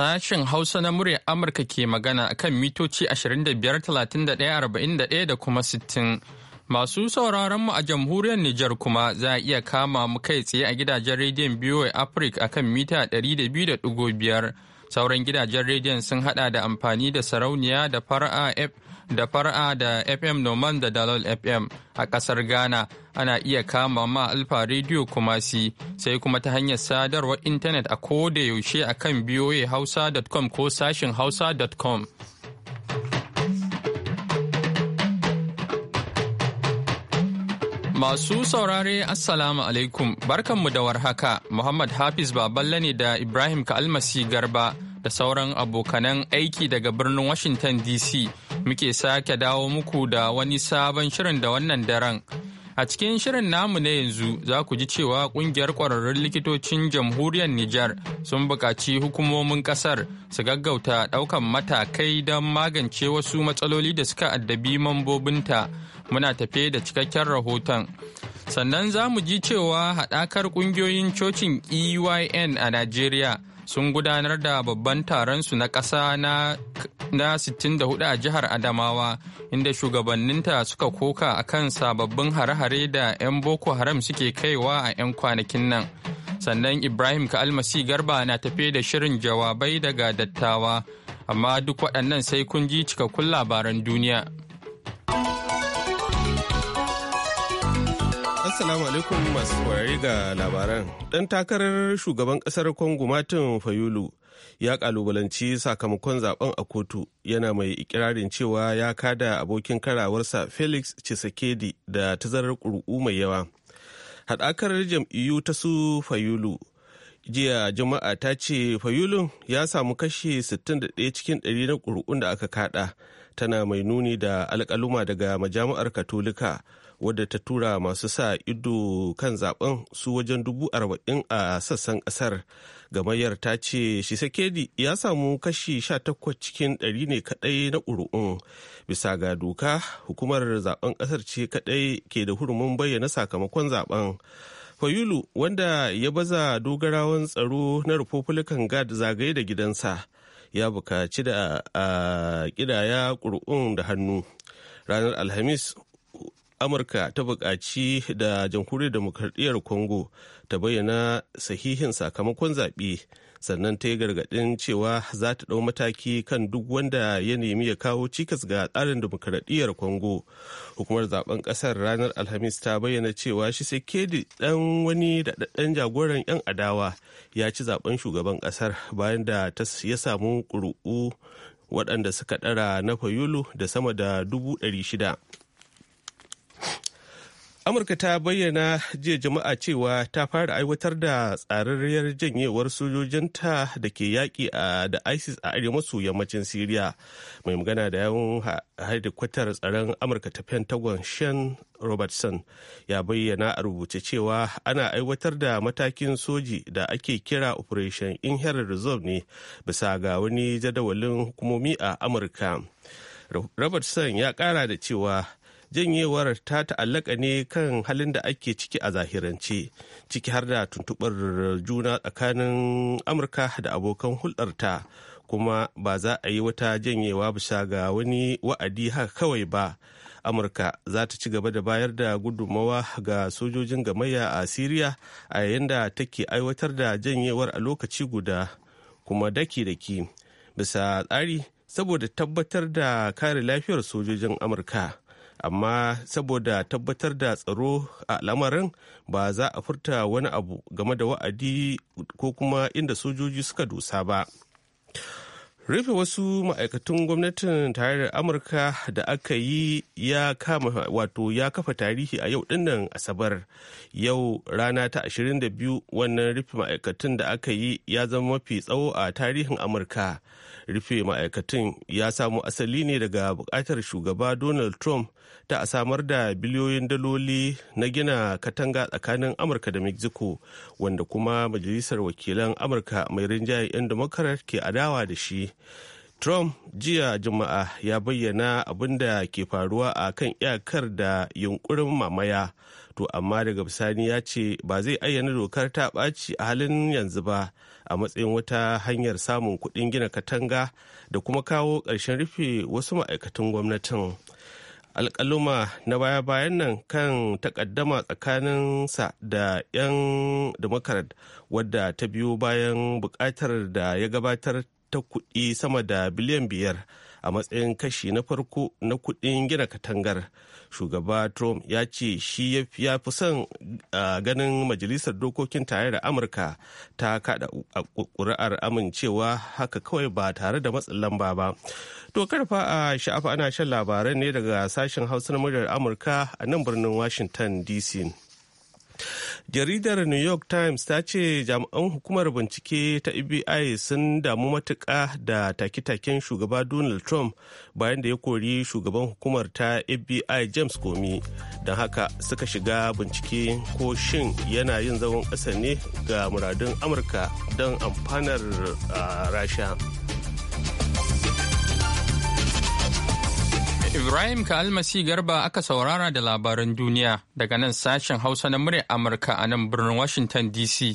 Sashen Hausa na muryar Amurka ke magana a kan mitoci 25,31,41 da kuma 60. Masu sauraron mu a jamhuriyar Nijar kuma za a iya kama mu kai tsaye a gidajen rediyon BOA Africa a kan mita 200.5. Sauran gidajen rediyon sun hada da amfani da sarauniya da fara'a da far'a da FM Noman da Dalol FM a ƙasar Ghana ana iya kama ma Alfa Radio Kumasi sai kuma ta hanyar sadarwar intanet a da yaushe a kan hausa.com ko sashin hausa.com. Masu saurare Assalamu alaikum barkanmu da warhaka Muhammad Hafiz Baballe ne da Ibrahim Ka'almasi Garba da sauran abokanan aiki daga birnin Washington DC. muke sake dawo muku da wani sabon shirin da wannan daren. A cikin shirin namu na yanzu za ku ji cewa kungiyar kwararrun likitocin jamhuriyar Nijar sun buƙaci hukumomin ƙasar su gaggauta ɗaukan matakai don magance wasu matsaloli da suka addabi mambobinta muna tafe da cikakken rahoton. Sannan za mu ji cewa haɗakar ƙungiyoyin cocin EYN a Najeriya sun gudanar da babban taron su na ƙasa na na 64 a jihar Adamawa, inda shugabanninta suka koka a kan sababbin hare-hare da 'yan Boko Haram suke kaiwa a 'yan kwanakin nan. Sannan Ibrahim Ka'almasi Garba na tafe da shirin jawabai daga dattawa, amma duk waɗannan sai kun ji cikakkun labaran duniya. Assalamu alaikum masu saurari ga labaran. Ɗan takarar shugaban ƙasar Kongo Martin Fayulu ya kalubalanci sakamakon zaben a kotu yana mai ikirarin cewa ya kada abokin karawarsa Felix Chisekedi da tazarar ƙuri'u mai yawa. Haɗakar jam'iyyu ta su Fayulu jiya juma'a ta ce Fayulun ya samu kashi 61 cikin 100 na ƙuri'un da aka kada tana mai nuni da alƙaluma daga majami'ar Katolika. wadda ta tura masu sa ido kan zaben su wajen dubu arba'in a sassan kasar gamayyar ta ce shisekedi ya samu kashi sha takwas cikin ɗari ne kadai na ƙuri'un bisa ga doka hukumar zaben ƙasar ce kadai ke da hurumin bayyana sakamakon zaben fayulu wanda ya baza dogarawan tsaro na republican guard zagaye da gidansa ya bukaci da a ƙidaya ƙuri'un da hannu ranar alhamis amurka ta buƙaci da jamhuriyar demokradiyyar congo ta bayyana sahihin sakamakon zaɓe sannan ta yi gargaɗin cewa za ta ɗau mataki kan duk wanda ya nemi ya kawo cikas ga tsarin demokradiyyar congo hukumar zaben ƙasar ranar alhamis ta bayyana cewa shi sai ke ɗan wani daɗaɗɗen jagoran 'yan adawa ya ci zaben shugaban ƙasar bayan da ya samu ƙuri'u waɗanda suka ɗara na fayulu da sama da dubu ɗari shida amurka ta bayyana jiya jama'a cewa ta fara aiwatar da tsararriyar janyewar sojojinta da ke yaƙi da isis a arewa maso yammacin siriya mai magana da yawon haidikwatar tsaron amurka ta pentagon shan robertson ya bayyana a rubuce cewa ana aiwatar da matakin soji da ake kira operation inherent reserve ne bisa ga wani jadawalin hukumomi a amurka robertson ya kara da cewa janyewar ta ta'allaka ne kan halin da ake ciki a zahirance ciki har da tuntubar juna tsakanin amurka da abokan hulɗarta kuma ba za a yi wata janyewa bisa ga wani wa'adi haka kawai ba amurka za ta ci gaba da bayar da gudummawa ga sojojin gamayya a siriya a yayin da take aiwatar da janyewar a lokaci guda kuma daki-daki bisa tsari saboda tabbatar da kare lafiyar sojojin amurka amma saboda tabbatar da tsaro a lamarin ba za a furta wani abu game da wa'adi ko kuma inda sojoji suka dusa ba rufe wasu ma'aikatan gwamnatin tarayyar amurka da aka yi ya kama wato ya kafa tarihi a yau dinnan asabar yau rana ta 22 wannan rufe ma'aikatan da aka yi ya zama mafi tsawo a tarihin amurka rufe ma'aikatan ya samo asali ne daga bukatar shugaba donald trump ta a samar da biliyoyin daloli na gina katanga tsakanin amurka da mexico wanda kuma majalisar wakilan amurka mai rinjaye 'yan democrat ke adawa da shi trump jiya juma'a ya bayyana abin da ke faruwa a kan iyakar da yunkurin mamaya to amma daga bisani ya ce ba zai ayyana dokar ta ɓaci a halin yanzu ba a matsayin wata hanyar samun kuɗin gina katanga da kuma kawo ƙarshen rufe wasu ma'aikatan gwamnatin alƙaluma na baya-bayan nan kan takaddama tsakaninsa da 'yan democrat wadda ta biyo bayan buƙatar da ya gabatar ta kuɗi sama da biliyan biyar a matsayin kashi na farko na kuɗin gina katangar shugaba trump ya ce shi ya fi son ganin majalisar dokokin tare da amurka ta kada ƙuri'ar amincewa haka kawai ba tare da matsin lamba ba to karfa a sha'afa ana shan labaran ne daga sashen hausar muryar amurka a nan birnin washington dc jaridar new york times ta ce jami'an hukumar bincike ta fbi sun damu matuƙa da take-taken shugaba donald trump bayan da ya kori shugaban hukumar ta fbi james comey don haka suka shiga bincike ko shin yana yin zagon ƙasa ne ga muradun amurka don amfanar ah, rasha Ibrahim Kalmasi Garba aka saurara da labaran duniya daga nan sashen Hausa na muryar Amurka a nan birnin Washington DC.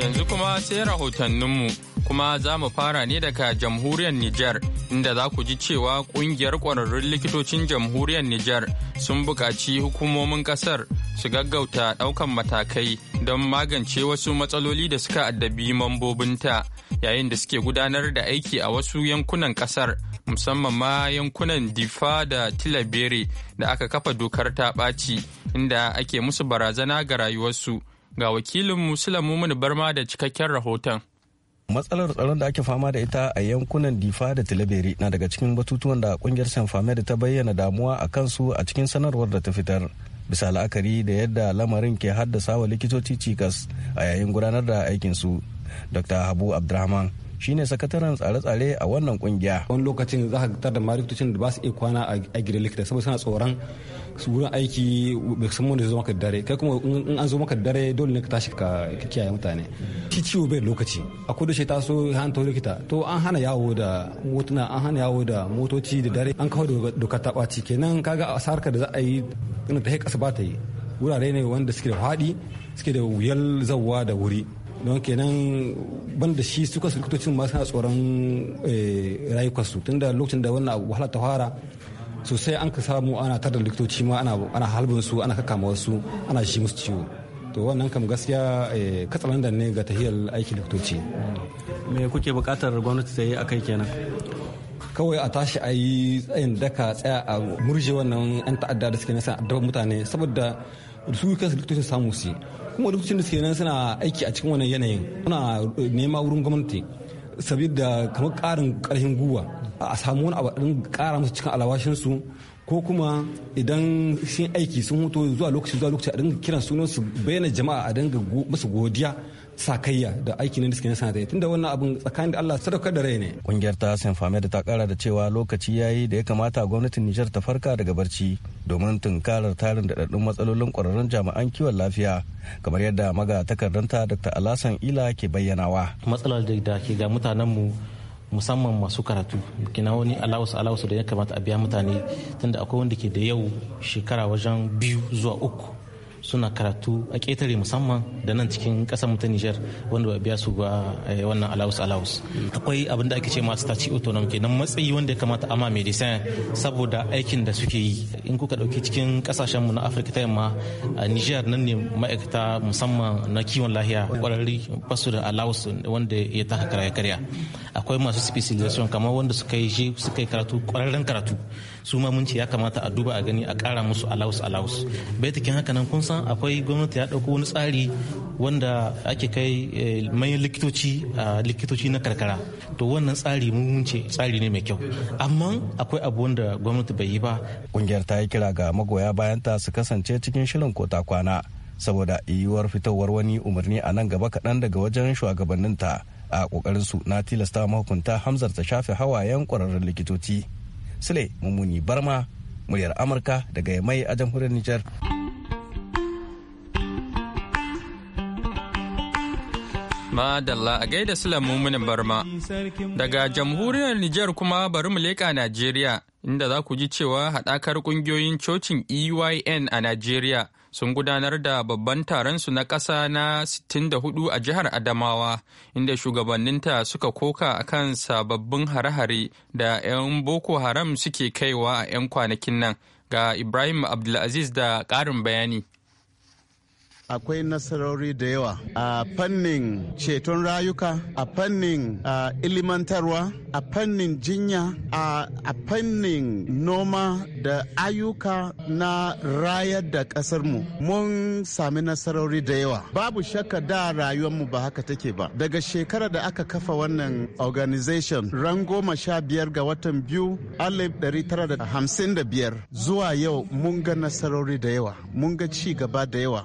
Yanzu kuma sai rahotanninmu. kuma za mu fara ne daga jamhuriyar Nijar inda za ku ji cewa kungiyar ƙwararrun likitocin jamhuriyar Nijar sun buƙaci hukumomin ƙasar su gaggauta ɗaukan matakai don magance wasu matsaloli da suka addabi mambobinta yayin da suke gudanar da aiki a wasu yankunan ƙasar musamman ma yankunan Difa da Tilabere da aka kafa dokar ta ɓaci inda ake musu barazana ga rayuwarsu ga wakilin Musulamu Barma da cikakken rahoton. matsalar tsaron da ake fama da ita a yankunan difa da tilabiri na daga cikin batutuwan da kungiyar sanfame da ta bayyana damuwa a kansu a cikin sanarwar da ta fitar bisa la'akari da yadda lamarin ke haddasa wa likitoci cikas a yayin gudanar da aikinsu dr habu abdurrahman shine sakataren tsare-tsare a wannan kungiya wani lokacin za ka tar da likitocin da ba su iya kwana a gidan likita saboda suna tsoron su wurin aiki musamman da zo maka dare kai kuma in an zo maka dare dole ne ka tashi ka kiyaye mutane shi ciwo bai lokaci a kudu shi taso han to likita to an hana yawo da motuna an hana yawo da motoci da dare an kawo doka ta ɓaci kenan kaga sarka da za a yi ina ta kasa ba ta yi wurare ne wanda suke da faɗi suke da wuyar zawwa da wuri don kenan ban da shi su likitocin ma tsoron eh, rayukarsu tunda lokacin da wannan wahala ta fara sosai an ka samu ana tar da likitoci ma ana halbin su ana kakama wasu ana shi musu ciwo to wannan kam gaskiya eh, katsalandan ne ga tahiyar aiki likitoci me kuke bukatar gwamnati ta yi a kai kenan kawai a tashi a yi tsayin daka tsaya a murje wannan 'yan ta'adda da suke nasa addabar mutane saboda su kansu likitocin samu su kuma likitocin da suke nan suna aiki a cikin wannan yanayin suna eh, nema wurin gwamnati sabida kamar karin karfin guwa a samu wani abu ɗin ƙara musu cikin alawashinsu ko kuma idan sun aiki sun hutu zuwa lokaci zuwa lokaci a dinga kiran sunan su bayyana jama'a a dinga musu godiya sakayya da aikin na suke tun da wannan abin tsakanin da Allah sadaukar da rai ne kungiyar ta da ta kara da cewa lokaci yayi da ya kamata gwamnatin Nijar ta farka daga barci domin tunkarar tarin daɗaɗɗun matsalolin ƙwararrun jami'an kiwon lafiya kamar yadda maga takardanta Dr. Alasan Ila ke bayyanawa matsalar da ke ga mutanen mu. musamman masu karatu kina wani alawus alawus da ya kamata a biya mutane tunda akwai wanda ke da yau shekara wajen biyu zuwa uku suna karatu a ƙetare musamman da nan cikin ƙasar ta Nijar wanda ba biya su ba eh, wannan alaus alaus akwai abin da ake ce masu taci ke kenan matsayi wanda ya kamata ama medicine saboda aikin da suke yi in kuka dauki cikin ƙasashen mu na Afirka ta yamma Nijar nan ne ma'aikata musamman na kiwon lahiya kwararri basu da alaus wanda ya taka karya karya akwai masu specialization kamar wanda suka yi suka yi karatu kwararren karatu su ma mun ce ya kamata a duba a gani a ƙara musu alaus alaus bai haka nan kun san nan akwai gwamnati ya ɗauko wani tsari wanda ake kai eh, mai likitoci a likitoci na karkara to wannan tsari mun ce tsari ne mai kyau amma akwai abu wanda gwamnati bai yi ba kungiyar ta yi kira ga magoya bayan ta su kasance cikin shirin kota kwana saboda yiwuwar fitowar wani umarni a nan gaba kaɗan daga wajen shugabannin ta a kokarin su na tilasta mahukunta hamzar ta shafe hawayen kwararrun likitoci sule mummuni barma muryar amurka daga mai a jamhuriyar nijar. Madalla a gaida Sula Muminin Barma. Daga jamhuriyar Nijar kuma bari mu leƙa Najeriya inda za ku ji cewa haɗakar ƙungiyoyin cocin EYN a Najeriya sun gudanar da babban taronsu na ƙasa na 64 a jihar Adamawa inda shugabanninta suka koka a kan sababbin hare-hare da 'yan Boko Haram suke kaiwa a 'yan kwanakin nan ga Ibrahim Abdulaziz da ƙarin bayani. akwai nasarori da yawa a fannin ceton rayuka a fannin ilimantarwa a fannin jinya a fannin noma da ayyuka na rayar da ƙasarmu mun sami nasarori da yawa babu shakka da rayuwar mu ba haka take ba daga shekarar da aka kafa wannan organization ran goma sha biyar ga watan biyu alif ɗari tara da hamsin da biyar zuwa yau mun ga nasarori da yawa mun ga ci gaba da yawa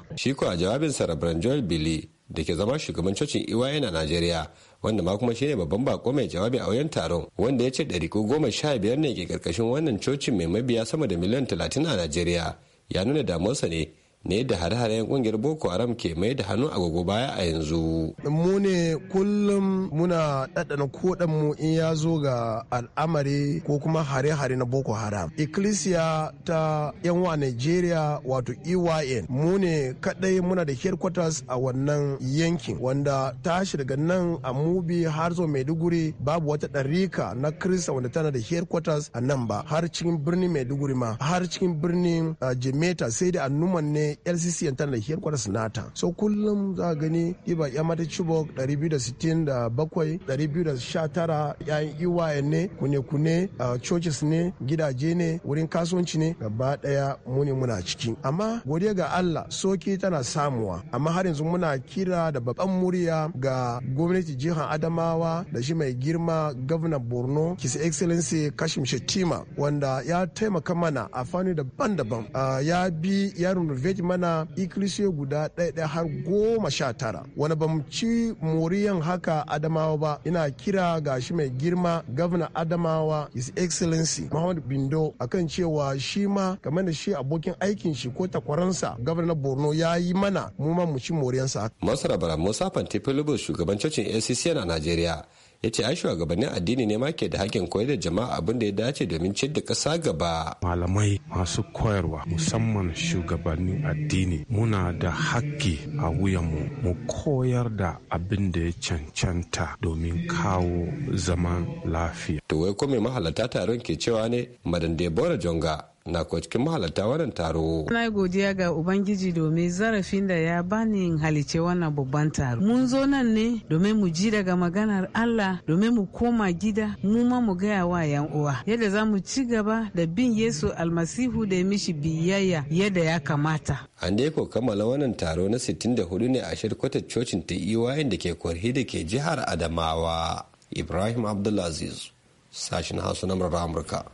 a jawabinsa rabaran joel billy da ke zama shugaban cocin iwaye yana najeriya wanda ma kuma shine babban bako mai jawabi a wayan taron wanda ya ce ko goma sha biyar ne ke karkashin wannan cocin mai mabiya sama da miliyan talatin a najeriya ya nuna damuwarsa ne ne da hare hare kungiyar boko haram ke mai da hannu a agogo baya a yanzu mu ne kullum muna ɗaɗɗana koɗan mu in ya zo ga al'amari ko kuma hare-hare na boko haram ikilisiya ta yanwa nigeria wato eyn mu ne kaɗai muna da headquarters a wannan yankin wanda tashi daga nan a mubi har zo maiduguri babu wata ɗarika na krista wanda tana da headquarters a nan ba har cikin birnin maiduguri ma har cikin birnin ah, jimeta sai da annuman ne lcc yan tana da hiyar nata so kullum za a gani iba ya mata chibok 267 219 yayin iwaye ne kune-kune churches ne gidaje ne wurin kasuwanci ne gaba daya muni muna ciki amma godiya ga allah soki tana samuwa amma har yanzu muna kira da babban murya ga gwamnati jihar adamawa da shi mai girma gwamnan borno his excellency kashim shetima wanda ya taimaka mana a fani daban-daban ya bi ya renovate mana ikilisiyo guda ɗaya har goma sha tara wani ba ci moriyan haka adamawa ba ina kira ga shi mai girma gwamna adamawa his excellency muhammad bindo a kan cewa shi ma game da shi abokin aikin shi ko takwaransa gwamna borno ya yi mana mu ma mu ci moriyansa. masara bara musa fanti shugaban cocin acc na najeriya ya ce ai shugabannin addini ne ma ke da hakkin koyar da jama'a abin da ya dace domin ciyar da ƙasa gaba malamai masu koyarwa musamman shugabannin addini muna da hakki a wuyanmu mu koyar da abin da ya cancanta domin kawo zaman lafiya to wai ko mai mahalarta taron ke cewa ne madan debora jonga na kuwa cikin mahalarta wannan taro. Na godiya ga Ubangiji domin zarafin da ya bani in halice wannan babban taro. Mun zo nan ne domin mu ji daga maganar Allah domin mu koma gida mu ma mu gaya wa yan uwa. Yadda za mu ci gaba da bin Yesu almasihu da ya mishi biyayya yadda ya kamata. An dai kammala wannan taro na 64 ne a shirkwatar cocin ta EYN da ke kwarhi da ke jihar Adamawa. Ibrahim Abdulaziz, sashen Hausa na Amurka,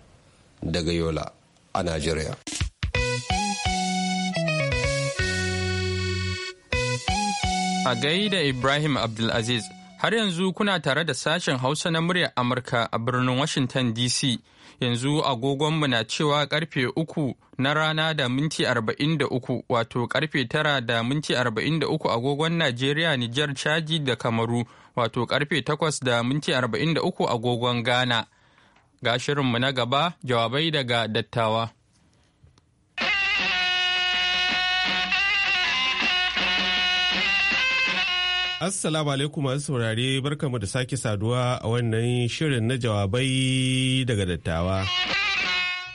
daga Yola. a Najeriya. A gaida Ibrahim Abdulaziz, har yanzu kuna tare da sashen Hausa na muryar Amurka a birnin Washington DC. Yanzu agogonmu na cewa karfe uku na rana da minti arba'in da uku wato karfe tara da minti arba'in da uku agogon Najeriya, Nijar, Chadi da Kamaru wato karfe takwas da minti arba'in da uku agogon Ghana. ga shirinmu na gaba jawabai daga dattawa. Assalamu alaikum masu saurare barkamu da sake saduwa a wannan shirin na jawabai daga dattawa.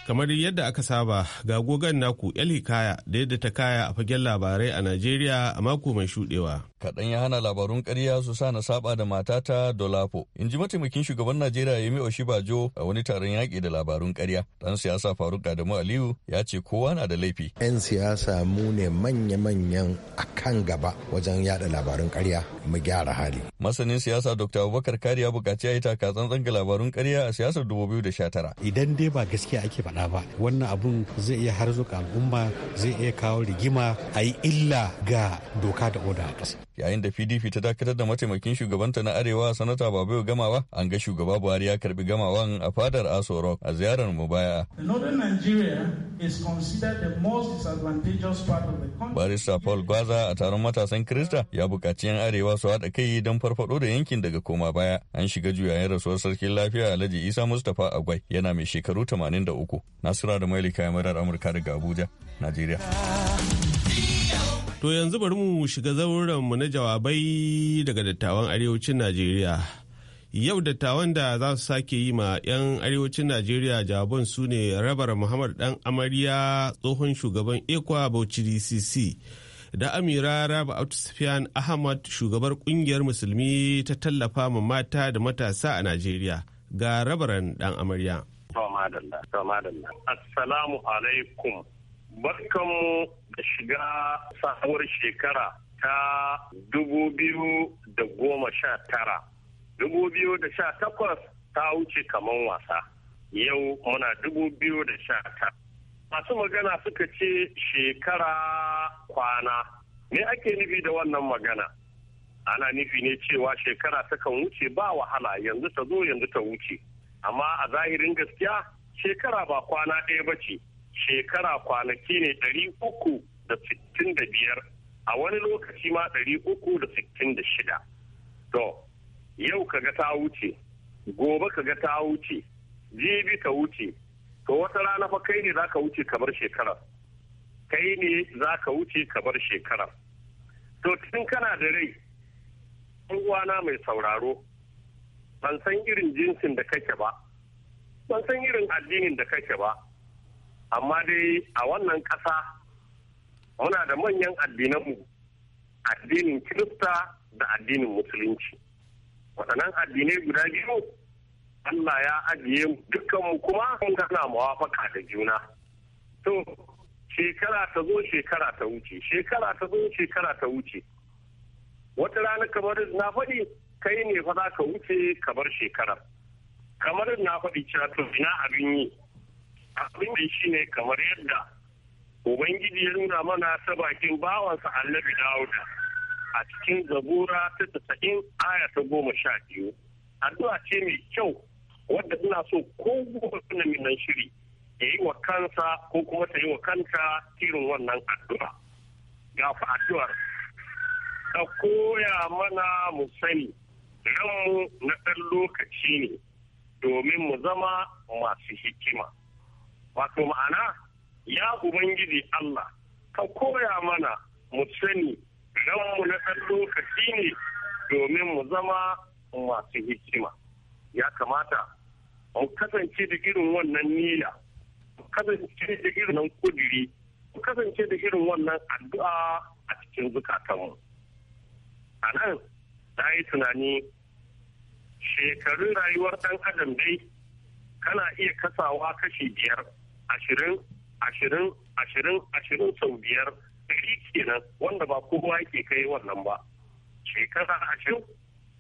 Kamar yadda aka saba ga gogon naku 'yan hikaya da yadda ta kaya a fagen labarai a Najeriya a mako mai shuɗewa. kaɗan ya hana labarun ƙarya su sa na saba da matata Dolapo. In ji mataimakin shugaban Najeriya Yemi Oshibajo a wani taron yaƙi da labarun ƙarya. Ɗan siyasa Faruk Adamu Aliyu ya ce kowa na da laifi. 'Yan siyasa mu ne manya-manyan a kan gaba wajen yada labarun ƙarya mu gyara hali. Masanin siyasa Dr. Abubakar Kari ya buƙaci ya yi tsantsan ga labarun ƙarya a siyasar 2019. Idan dai ba gaskiya ake faɗa ba wannan abun zai iya harzuka al'umma zai iya kawo rigima a yi illa ga doka da oda a ƙasa. yayin da pdp ta dakatar da mataimakin shugabanta na arewa sanata babu gamawa an ga shugaba buhari ya karbi gamawan a fadar aso rock a ziyarar mu baya. barista paul gwaza a taron matasan krista ya bukaci yan arewa su haɗa kai don farfaɗo da yankin daga koma baya an shiga juyayen rasuwar sarkin lafiya alhaji isa mustapha agwai yana mai shekaru 83 nasira da mailika ya murar amurka daga abuja najeriya To yanzu bari mu shiga mu na jawabai daga dattawan arewacin Najeriya. Yau dattawan da za su sake yi ma 'yan arewacin Najeriya jawaban su ne rabar Muhammad Dan Amarya tsohon shugaban Ekwa Bauchi DCC. da amira raba sufyan ahmad shugabar kungiyar musulmi ta tallafa ma mata da matasa a najeriya ga rabaran dan amarya Assalamu alaikum Barkanmu da shiga sabuwar shekara ta dubu biyu da goma sha tara. Dubu biyu da sha takwas ta wuce kaman wasa. Yau muna dubu biyu da sha tara. Masu magana suka ce shekara kwana. Me ake nufi da wannan magana? Ana nufi ne cewa shekara takan wuce ba wahala yanzu ta zo yanzu ta wuce. Amma a zahirin gaskiya shekara ba kwana ɗaya ba ce. shekara kwanaki ne ɗari uku da sittin da biyar a wani lokaci ma ɗari uku da sittin da shida to yau kaga ta wuce gobe kaga ta wuce jibi ka wuce to wata rana fa kai ne za ka wuce kamar shekara kai ne za ka wuce kamar shekara to tun kana da rai uwana mai sauraro ban san irin jinsin da kake ba ban san irin addinin da kake ba amma dai a wannan ƙasa muna da manyan addinanmu addinin kirista da addinin musulunci waɗannan addinai guda biyu Allah ya ajiye mu dukkanmu kuma mun gana mawafaka da juna to shekara ta zo shekara ta wuce shekara ta zo shekara ta wuce wata rana kamar na faɗi kai ne fa za ka wuce kamar shekarar kamar na faɗi cewa to ina abin yi abin da shi ne kamar yadda ubangiji ya nuna mana ta bakin bawansa annabi dawuda a cikin zabura ta tasa'in aya ta goma sha biyu addu'a ce mai kyau wadda ina so ko suna minan shiri ya yi wa kansa ko kuma ta yi wa kanta irin wannan addu'a ga fa addu'ar ta koya mana mu sani ranmu na ɗan lokaci ne domin mu zama masu hikima. wato ma'ana ya ubangiji Allah ka koya mana mu sani ranmu na ɗan lokaci ne domin mu zama masu hikima ya kamata mu kasance da irin wannan niyya mu kasance da irin nan kudiri mu kasance da irin wannan addu'a a cikin zukatanmu a nan ta yi tunani shekarun rayuwar ɗan adam dai kana iya kasawa kashi biyar ashirin ashirin ashirin ashirin sau biyar ɗari kenan wanda ba kowa yake kai wannan ba shekara ashirin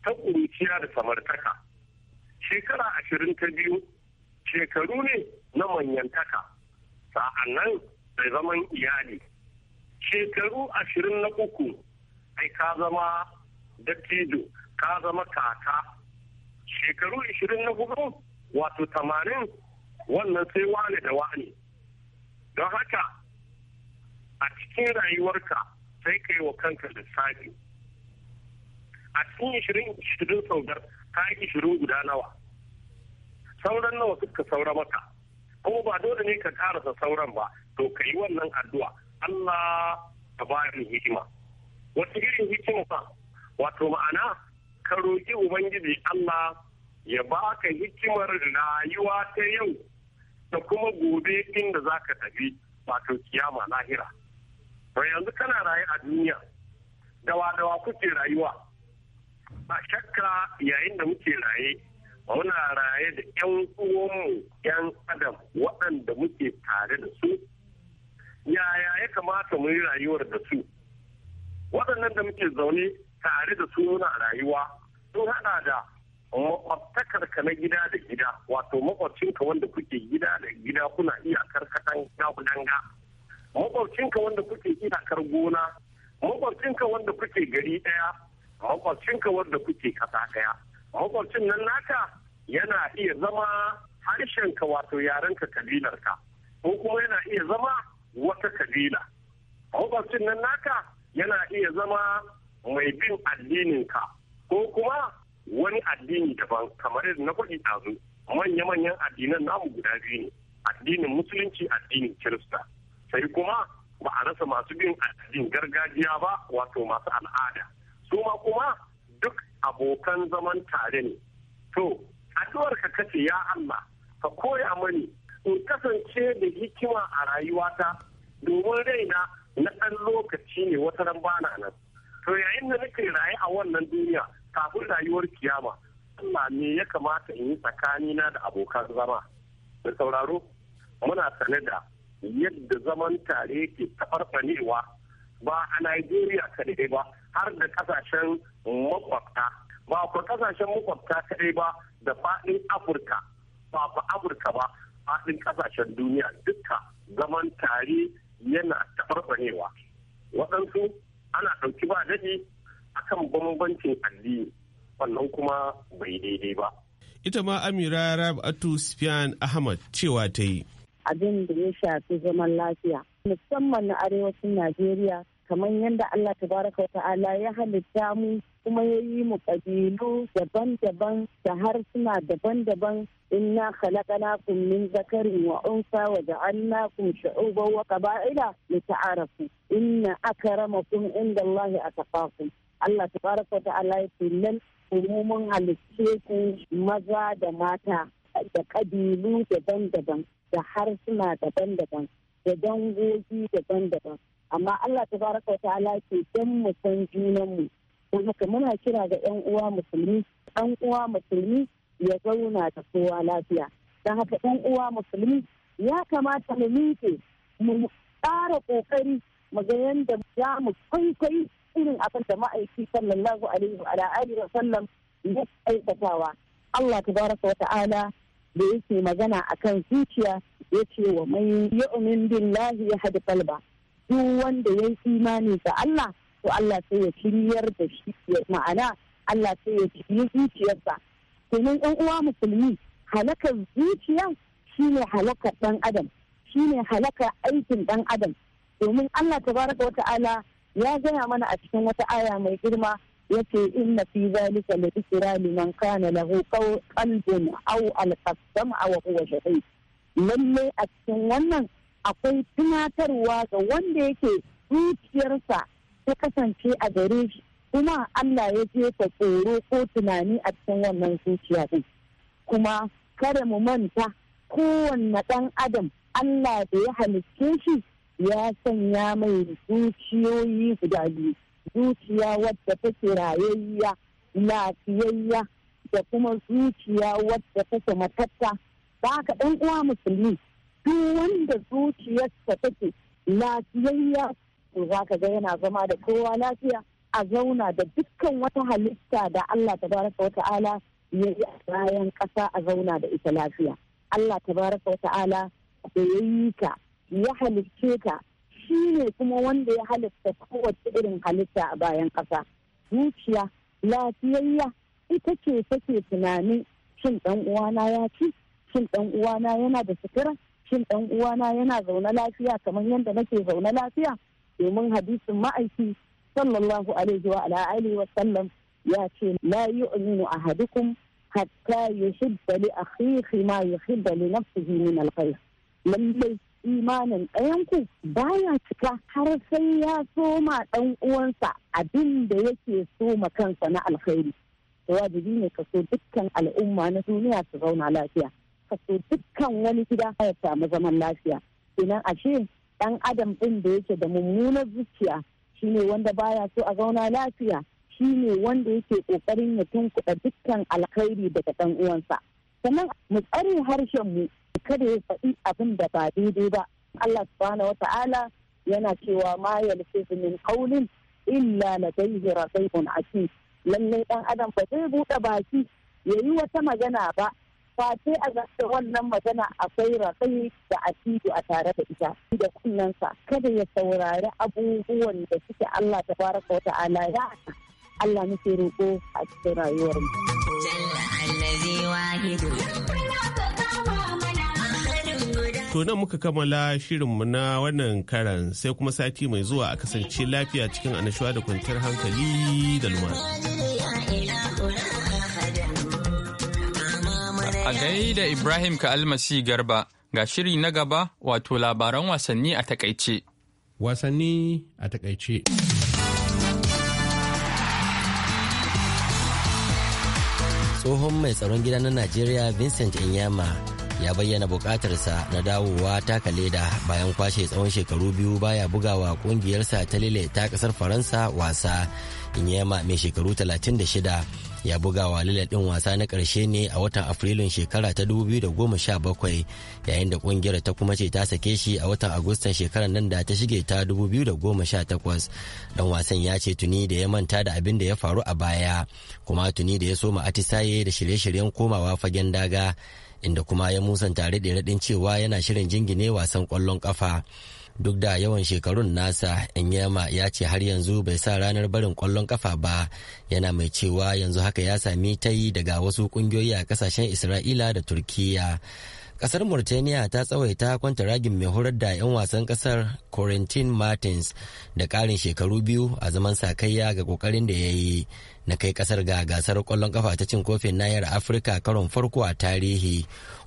ta ƙuruciya da samartaka shekara ashirin ta biyu shekaru ne na manyantaka nan da zaman iyali shekaru ashirin na uku ai ka zama dattijo ka zama kaka shekaru ashirin na hudu wato tamanin wannan sai wane da wane don haka a cikin rayuwarka sai ka yi wa kanka lissafi a cikin shirin shirin saudar ka yi shirin guda nawa sauran nawa suka saura maka kuma ba dole ne ka karasa sauran ba to ka yi wannan addu'a Allah ka ba hikima wata irin hikima ba wato ma'ana ka roƙi ubangiji Allah ya baka hikimar rayuwa ta yau da kuma gobe inda za ka tafi wato kiyama lahira. Ba yanzu kana raye a duniya, dawa-dawa kuke rayuwa. Ba shakka yayin da muke raye, muna raye da 'yan uwanmu 'yan adam waɗanda muke tare da su. Yaya ya kamata mu yi rayuwar da su? Waɗannan da muke zaune tare da su muna rayuwa sun haɗa da makwabtakar na gida da gida wato makwabcinka wanda kuke gida da gida kuna iyakar katan danga makwabcinka wanda kuke iyakar gona makwabcinka wanda kuke gari ɗaya makwabcinka wanda kuke ƙasa ɗaya makwabcin nan naka yana iya zama harshenka wato yarenka kabilarka ko kuma yana iya zama wata kabila makwabcin nan naka yana iya zama mai bin addininka ko kuma wani addini daban kamar yadda na faɗi ɗazu manya-manyan addinan namu guda biyu ne addinin musulunci addinin kirista sai kuma ba a rasa masu bin addinin gargajiya ba wato masu al'ada su ma kuma duk abokan zaman tare ne to addu'ar ka kace ya Allah ka koya mani in kasance da hikima a rayuwata domin raina na ɗan lokaci ne wata ran bana nan to yayin da nake raye a wannan duniya kafin rayuwar kiyama Allah ne ya kamata in yi tsakanina da abokan zama da sauraro muna sane da yadda zaman tare ke tafarfanewa ba a Najeriya kadai ba har da kasashen makwabta ba ku kasashen makwabta kadai ba da faɗin Afirka ba ba Afirka ba faɗin kasashen duniya duka zaman tare yana tafarfanewa waɗansu ana ɗauki ba daɗi akan bambancin alli wannan kuma bai daidai ba. Ita ma Amira rab Atu Sufyan Ahmad cewa ta yi. Abin da ya shafi zaman lafiya musamman na arewacin Najeriya kamar yadda Allah ta baraka wa ta'ala ya halitta mu kuma ya yi mu ƙabilu daban-daban da harsuna daban-daban inna kum min zakarin wa unsa wa kum shu'uban wa qaba'ila lita'arafu inna akramakum indallahi atqakum Allah ta fara kwata Allah ya nan umumin halittu ku maza da mata da ƙabilu daban-daban da harsuna daban-daban da dangogi daban-daban amma Allah ta fara kwata ta'ala ke don mu san junanmu ko haka muna kira ga yan uwa musulmi 'yan uwa musulmi ya zauna da kowa lafiya don haka 'yan uwa musulmi ya kamata mu miƙe mu ƙara ƙoƙari mu ga yadda za mu kwaikwayi irin akan da ma'aiki sallallahu alaihi wa alihi wa sallam ya aikatawa Allah tabaraka wa ta'ala da yake magana akan zuciya ya ce wa mai yu'min billahi ya hadi kalba duk wanda ya yi imani ga Allah to Allah sai ya kiriyar da shi ma'ana Allah sai ya shirye zuciyarsa domin ɗan uwa musulmi halakar zuciya shine halakar ɗan adam shine halakar aikin ɗan adam domin Allah tabaraka wa ta'ala ya gaya mana a cikin wata aya mai girma yace inna fi zalika la dhikra liman kana lahu qalbun aw al-qasam aw huwa shahid lalle a cikin wannan akwai tunatarwa ga wanda yake zuciyarsa ta kasance a gare shi kuma Allah ya jefa tsoro ko tunani a cikin wannan zuciya din kuma kada mu manta kowanne ɗan adam Allah da ya halicce shi ya sanya mai zuciyoyi guda biyu zuciya wadda take rayayya lafiyayya da kuma zuciya wadda take matatta ba ka ɗan uwa musulmi duk wanda zuciyarsa take lafiyayya to za ka ga yana zama da kowa lafiya a zauna da dukkan wata halitta da Allah ta tabaraka wa ta'ala ya yi bayan ƙasa a zauna da ita lafiya Allah ta tabaraka wa ta'ala da ya yi ka ya halicce ta shi ne kuma wanda ya halitta kowace irin halitta a bayan ƙasa zuciya lafiyayya ita ce take tunanin shin dan uwana ya ci shin dan uwana yana da sutura shin dan uwana yana zaune lafiya kamar yadda nake zaune lafiya domin hadisin ma'aiki sallallahu alaihi wa alihi wa sallam ya ce la yu'minu ahadukum hatta yuhibba li akhihi ma yuhibba li nafsihi min al lallai imanin ɗayanku baya cika har sai ya soma ɗan uwansa abin da yake soma kansa na alkhairi. Da wajibi ne kaso so dukkan al'umma na duniya su zauna lafiya. Kaso so dukkan wani gida ya samu zaman lafiya. Ina ashe ɗan adam ɗin da yake da mummunar zuciya shine wanda baya so a zauna lafiya shine wanda yake ƙoƙarin ya tunkuɗa dukkan alkhairi daga ɗan uwansa. Sannan mu tsare harshen mu kada ya faɗi abin da ba daidai ba Allah subhanahu wata'ala yana cewa ma yalfizu min qawlin illa ladayhi raqibun aci lallai dan adam ba zai buɗe baki yayi wata magana ba fa a zata wannan magana akwai rakai da asidu a tare da ita da kunnansa kada ya saurari abubuwan da suke Allah tabaraka wata'ala ya Allah muke roƙo a cikin rayuwar mu. To nan muka kammala shirin mu na wannan karan sai kuma sati mai zuwa a kasance lafiya cikin annashuwa da kwantar hankali da lumana. A gai da Ibrahim ka almasi garba ga shiri na gaba wato labaran wasanni a takaice. Wasanni a takaice. Tsohon mai tsaron gida na Najeriya Vincent Inyama ya bayyana bukatarsa na dawowa taka leda bayan kwashe tsawon shekaru biyu baya bugawa kungiyarsa ta lile ta kasar faransa wasa inyema mai shekaru 36 ya bugawa lile din wasa na karshe ne a watan afrilun shekara ta 2017 yayin da kungiyar ta kuma ce ta sake shi a watan agustan shekarar nan da ta shige ta 2018 dan wasan ya ce tuni da ya manta da abin da ya faru a baya kuma tuni da ya soma atisaye da shirye-shiryen komawa fagen daga inda kuma ya musanta da raɗin cewa yana shirin jingine wasan ƙwallon ƙafa duk da yawan shekarun nasa yama ya ce har yanzu bai sa ranar barin ƙwallon ƙafa ba yana mai cewa yanzu haka ya sami ta yi daga wasu ƙungiyoyi a ƙasashen isra'ila da turkiya Ƙasar mauritania ta tsawaita kwanta ragin mai horar da 'yan wasan ƙasar corentin martins da ƙarin shekaru biyu a zaman sakayya ga ƙoƙarin da ya yi na kai kasar ga gasar kwallon kafa ta cin kofin nayar afirka karon farko a tarihi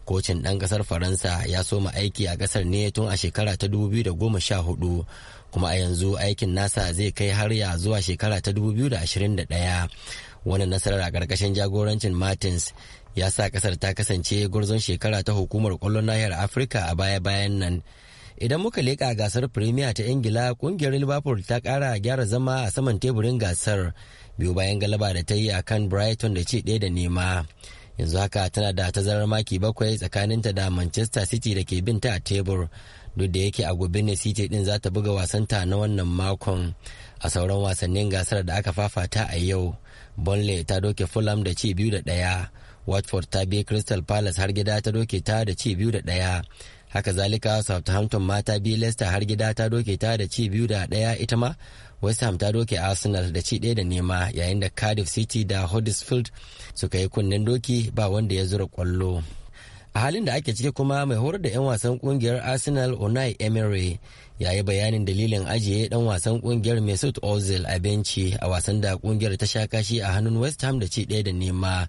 kocin ɗan kasar faransa ya soma aiki a kasar ne tun a shekara ta 2014 kuma a yanzu aikin nasa zai kai har ya zuwa shekara ta 2021 wani nasarar a ƙarƙashin jagorancin martins ya sa kasar ta kasance gwarzon shekara ta hukumar kwallon nahiyar afirka a baya-bayan nan idan muka leƙa gasar premier ta ingila ƙungiyar liverpool ta ƙara gyara zama a saman teburin gasar biyu bayan galaba da ta yi a kan brighton da ci ɗaya da nema yanzu haka tana da tazarar maki bakwai tsakaninta da manchester city da ke binta a tebur duk da yake a gobe ne city din za ta buga wasanta na wannan makon a sauran wasannin gasar da aka fafata a yau bonle ta doke fulham da ci biyu da ɗaya watford ta biye crystal palace har gida ta doke ta da ci biyu da ɗaya haka zalika southampton ma ta biye leicester har gida ta doke ta da ci biyu da ɗaya ita ma west ham ta doke arsenal da ci ɗaya da nema yayin da cardiff city da huddersfield suka yi kunnen doki ba wanda ya zura kwallo a halin da ake ciki kuma mai horar da 'yan wasan kungiyar arsenal unai emery ya yi bayanin dalilin ajiye dan wasan kungiyar mesut ozil a benci a wasan da kungiyar ta sha kashi a hannun west ham da ci ɗaya da nema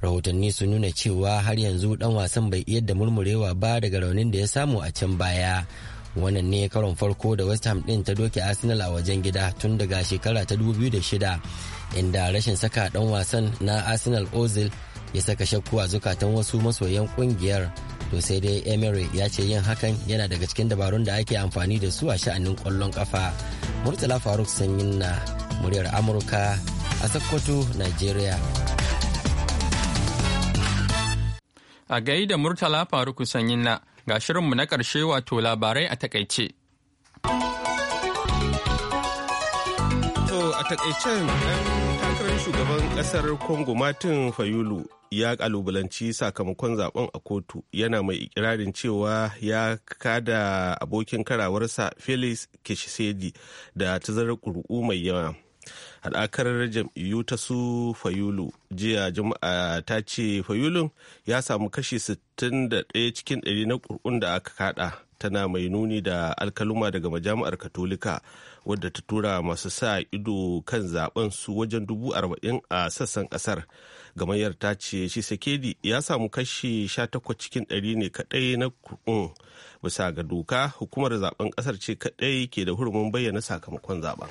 rahotanni sun nuna cewa har yanzu dan wasan bai iya da murmurewa ba daga raunin da ya samu a can baya wannan ne karon farko da west ham din ta doke arsenal a wajen gida tun daga shekara ta 2006 inda rashin saka dan wasan na arsenal ozil ya saka shakku a zukatan wasu masoyan kungiyar to sai dai emery ya ce yin hakan yana daga cikin dabarun da ake amfani da su a sha'anin kwallon kafa murtala faruk sanyin na muryar amurka a sokoto nigeria a gai da murtala faruk sanyin na Ga shirinmu na ƙarshe wato labarai a takaice. To a takaicen takarar shugaban ƙasar Congo Martin Fayulu ya ƙalubalanci sakamakon zaɓen a kotu yana mai ikirarin cewa ya kada abokin karawarsa Felix Kishisedi da tazarar ƙuri'u mai yawa. haɗakar jam'iyyu ta su fayulu jiya juma'a ta ce fayulun ya samu kashi 61 cikin 100 na kurkun da aka kada tana mai nuni da alkaluma daga majami'ar katolika wadda ta tura masu sa ido kan zaben su wajen dubu arba'in a sassan kasar gamayyar ta ce shi shisekedi ya samu kashi 18 cikin 100 ne kadai na kurkun bisa ga doka hukumar zaben kasar ce kadai ke da hurumin bayyana sakamakon zaben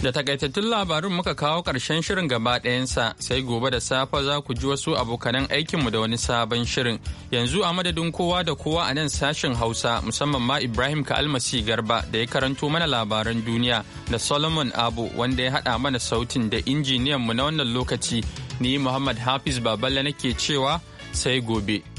Da takaitattun labarin muka kawo ƙarshen shirin gaba ɗayansa sai gobe da safe za ku ji wasu abokanan aikinmu da wani sabon shirin. Yanzu a madadin kowa da kowa a nan sashen Hausa musamman ma Ibrahim Ka'almasi Garba da ya karanto mana labaran duniya da Solomon Abu wanda ya haɗa mana sautin da injiniyanmu na wannan lokaci ni Muhammad Hafiz Baballe nake cewa sai gobe.